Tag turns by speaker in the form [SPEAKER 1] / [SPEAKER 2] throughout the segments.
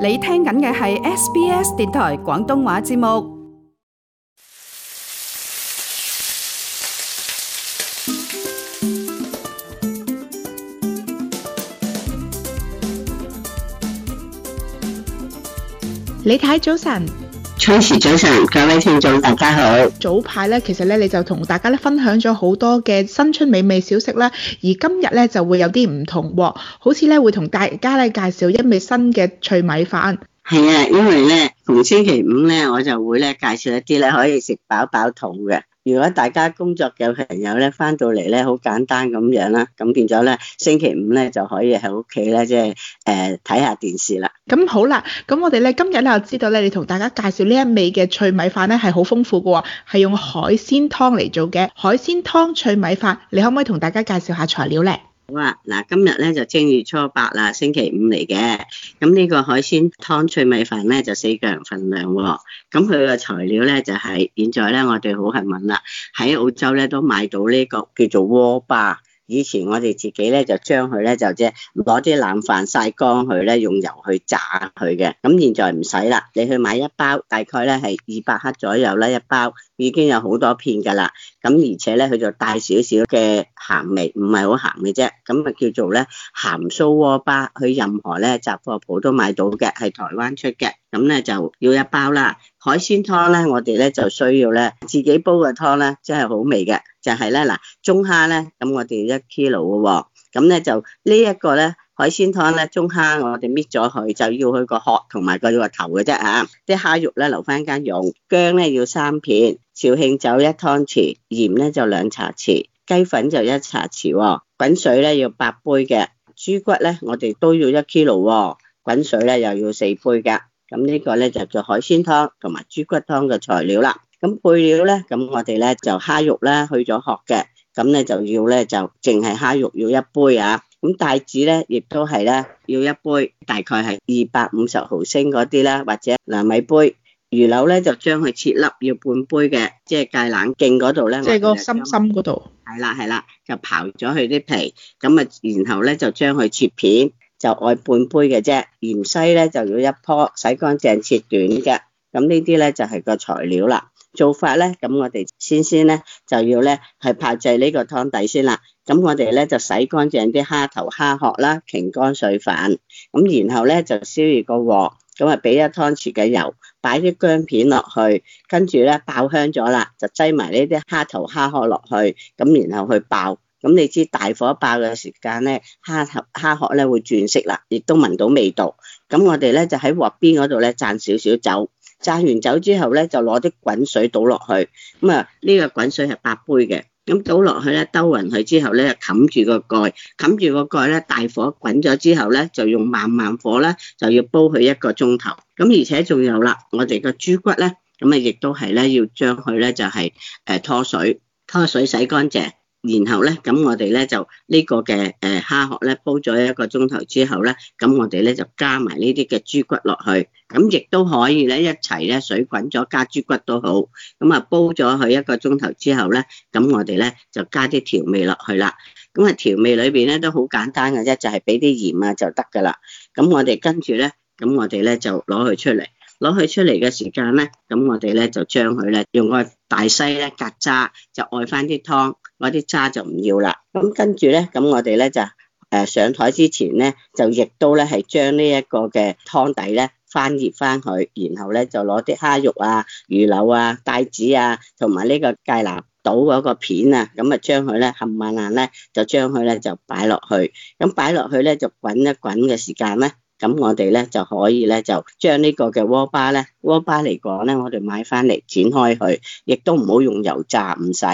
[SPEAKER 1] 你聽緊嘅係 SBS
[SPEAKER 2] 電台廣東話節目。你睇早晨。
[SPEAKER 1] 崔氏早晨，各位聽眾大家好。
[SPEAKER 2] 早排咧，其實咧你就同大家咧分享咗好多嘅新春美味小食啦。而今日咧就會有啲唔同，好似咧會同大家咧介紹一味新嘅脆米飯。
[SPEAKER 1] 係啊，因為咧逢星期五咧，我就會咧介紹一啲咧可以食飽飽肚嘅。如果大家工作嘅朋友咧，翻到嚟咧，好簡單咁樣啦，咁變咗咧，星期五咧就可以喺屋企咧，即係誒睇下電視啦。
[SPEAKER 2] 咁好啦，咁我哋咧今日咧就知道咧，你同大家介紹呢一味嘅脆米飯咧係好豐富嘅喎，係用海鮮湯嚟做嘅海鮮湯脆米飯，你可唔可以同大家介紹下材料咧？
[SPEAKER 1] 嗱、啊，今日咧就正月初八啦，星期五嚟嘅。咁呢個海鮮湯脆米飯咧就四個人份量喎、哦。咁佢個材料咧就係、是，現在咧我哋好幸運啦，喺澳洲咧都買到呢、這個叫做鍋巴。以前我哋自己咧就將佢咧就即係攞啲冷飯曬乾佢咧，用油去炸佢嘅。咁現在唔使啦，你去買一包，大概咧係二百克左右啦，一包。已經有好多片噶啦，咁而且咧佢就帶少少嘅鹹味，唔係好鹹嘅啫，咁啊叫做咧鹹酥鍋巴，喺任何咧雜貨鋪都買到嘅，係台灣出嘅，咁咧就要一包啦。海鮮湯咧，我哋咧就需要咧自己煲嘅湯咧，真係好味嘅，就係咧嗱，中蝦咧，咁我哋一 kilo 嘅，哦，咁咧就呢一個咧。海鮮湯咧，中蝦我哋搣咗佢，就要佢個殼同埋佢個頭嘅啫嚇。啲蝦肉咧留翻間用，薑咧要三片，紹興酒一湯匙，鹽咧就兩茶匙，雞粉就一茶匙，哦。滾水咧要八杯嘅，豬骨咧我哋都要一 kilo，滾水咧又要四杯㗎。咁呢個咧就做海鮮湯同埋豬骨湯嘅材料啦。咁配料咧，咁我哋咧就蝦肉咧，去咗殼嘅。咁咧就要咧就淨係蝦肉要一杯啊，咁帶子咧亦都係咧要一杯，大概係二百五十毫升嗰啲啦，或者兩米杯，魚柳咧就將佢切粒要半杯嘅。即係芥蘭莖嗰度咧，即係
[SPEAKER 2] 個心心嗰度，係
[SPEAKER 1] 啦係啦，係啦，就刨咗佢啲皮，咁啊然後咧就將佢切片，就要半杯嘅啫，芫茜咧就要一棵，洗乾淨切短嘅，咁呢啲咧就係、是、個材料啦。做法咧，咁我哋先先咧就要咧係炮製呢個湯底先啦。咁我哋咧就洗乾淨啲蝦頭蝦殼啦、瀝乾水份。咁然後咧就燒熱個鑊，咁啊俾一湯匙嘅油，擺啲薑片落去，跟住咧爆香咗啦，就擠埋呢啲蝦頭蝦殼落去，咁然後去爆。咁你知大火爆嘅時間咧，蝦頭蝦殼咧會轉色啦，亦都聞到味道。咁我哋咧就喺鑊邊嗰度咧灒少少酒。炸完酒之後咧，就攞啲滾水倒落去，咁啊呢個滾水係八杯嘅，咁倒落去咧，兜勻佢之後咧，就冚住個蓋，冚住個蓋咧，大火滾咗之後咧，就用慢慢火咧，就要煲佢一個鐘頭，咁而且仲有啦，我哋個豬骨咧，咁啊亦都係咧要將佢咧就係誒拖水，拖水洗乾淨。然後咧，咁我哋咧就呢個嘅誒蝦殼咧煲咗一個鐘頭之後咧，咁我哋咧就加埋呢啲嘅豬骨落去，咁亦都可以咧一齊咧水滾咗加豬骨都好，咁啊煲咗佢一個鐘頭之後咧，咁我哋咧就加啲調味落去啦，咁啊調味裏邊咧都好簡單嘅啫，就係俾啲鹽啊就得噶啦，咁我哋跟住咧，咁我哋咧就攞佢出嚟。攞佢出嚟嘅時間咧，咁我哋咧就將佢咧用個大西咧隔渣，就愛翻啲湯，攞啲渣就唔要啦。咁跟住咧，咁我哋咧就誒、呃、上枱之前咧，就亦都咧係將呢一個嘅湯底咧翻熱翻佢，然後咧就攞啲蝦肉啊、魚柳啊、帶子啊，同埋呢個芥藍島嗰個片啊，咁啊將佢咧冚唪唥咧就將佢咧就擺落去，咁擺落去咧就滾一滾嘅時間咧。咁我哋咧就可以咧就將個鍋呢個嘅鍋巴咧鍋巴嚟講咧，我哋買翻嚟剪開佢，亦都唔好用油炸，唔使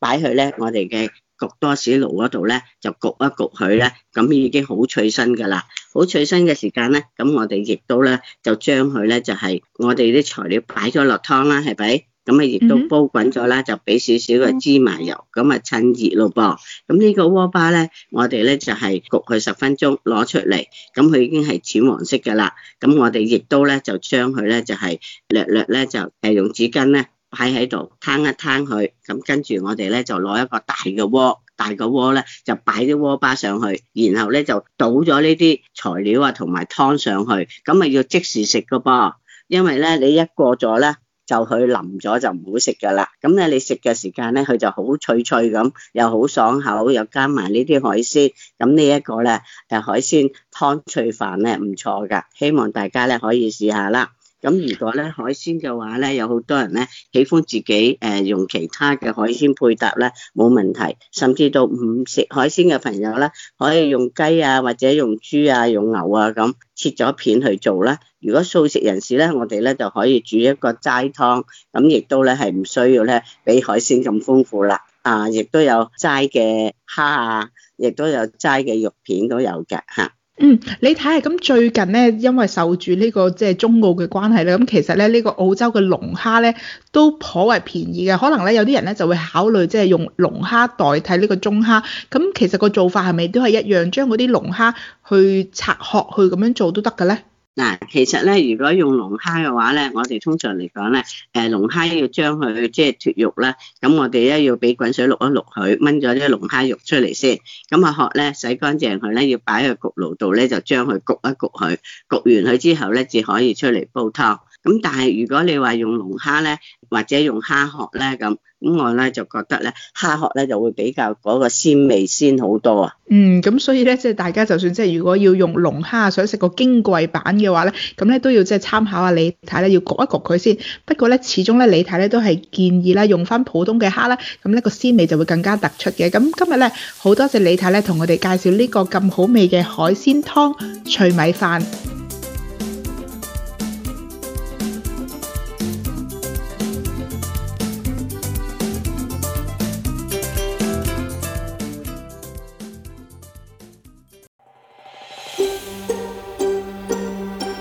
[SPEAKER 1] 擺去咧我哋嘅焗多士爐嗰度咧就焗一焗佢咧，咁已經好脆身噶啦，好脆身嘅時間咧，咁我哋亦都啦，就將佢咧就係、是、我哋啲材料擺咗落湯啦，係咪？咁啊，亦都煲滾咗啦，mm hmm. 就俾少少嘅芝麻油，咁啊趁熱咯噃。咁呢個鍋巴咧，我哋咧就係焗佢十分鐘，攞出嚟，咁佢已經係淺黃色嘅啦。咁我哋亦都咧就將佢咧就係略略咧就誒用紙巾咧擺喺度攤一攤佢。咁跟住我哋咧就攞一個大嘅鍋，大個鍋咧就擺啲鍋巴上去，然後咧就倒咗呢啲材料啊同埋湯上去，咁啊要即時食嘅噃，因為咧你一過咗咧。就佢淋咗就唔好食㗎啦，咁呢你食嘅時間呢佢就好脆脆咁，又好爽口，又加埋呢啲海鮮，咁呢一個呢誒海鮮湯脆飯呢唔錯㗎，希望大家呢可以試下啦。咁如果咧海鮮嘅話咧，有好多人咧喜歡自己誒、呃、用其他嘅海鮮配搭咧冇問題，甚至到唔食海鮮嘅朋友咧，可以用雞啊或者用豬啊用牛啊咁切咗片去做啦。如果素食人士咧，我哋咧就可以煮一個齋湯，咁亦都咧係唔需要咧比海鮮咁豐富啦。啊，亦都有齋嘅蝦啊，亦都有齋嘅肉片
[SPEAKER 2] 都有嘅㗎。嗯，你睇下，咁最近咧，因為受住呢個即係中澳嘅關係咧，咁其實咧呢個澳洲嘅龍蝦咧都頗為便宜嘅，可能咧有啲人咧就會考慮即係用龍蝦代替呢個中蝦，咁其實個做法係咪都係一樣，將嗰啲龍蝦去拆殼去咁樣做都得嘅咧？嗱，其實
[SPEAKER 1] 咧，如果用龍蝦嘅話咧，我哋通常嚟講咧，誒，龍蝦要將佢即係脫肉啦，咁我哋咧要俾滾水淥一淥佢，炆咗啲龍蝦肉出嚟先，咁啊殼咧洗乾淨佢咧，要擺喺焗爐度咧就將佢焗一焗佢，焗完佢之後咧，至可以出嚟煲湯。咁但係如果你話用龍蝦呢，或者用蝦殼呢，咁，咁我呢就覺得蝦殼呢，蝦殼呢就會比較嗰個鮮味鮮好多啊。
[SPEAKER 2] 嗯，咁所以呢，即係大家就算即係如果要用龍蝦，想食個矜貴版嘅話呢，咁呢都要即係參考下李太呢，要焗一焗佢先。不過呢，始終呢，李太呢都係建議呢用翻普通嘅蝦呢，咁呢個鮮味就會更加突出嘅。咁今日呢，好多謝李太呢同我哋介紹呢個咁好味嘅海鮮湯脆米飯。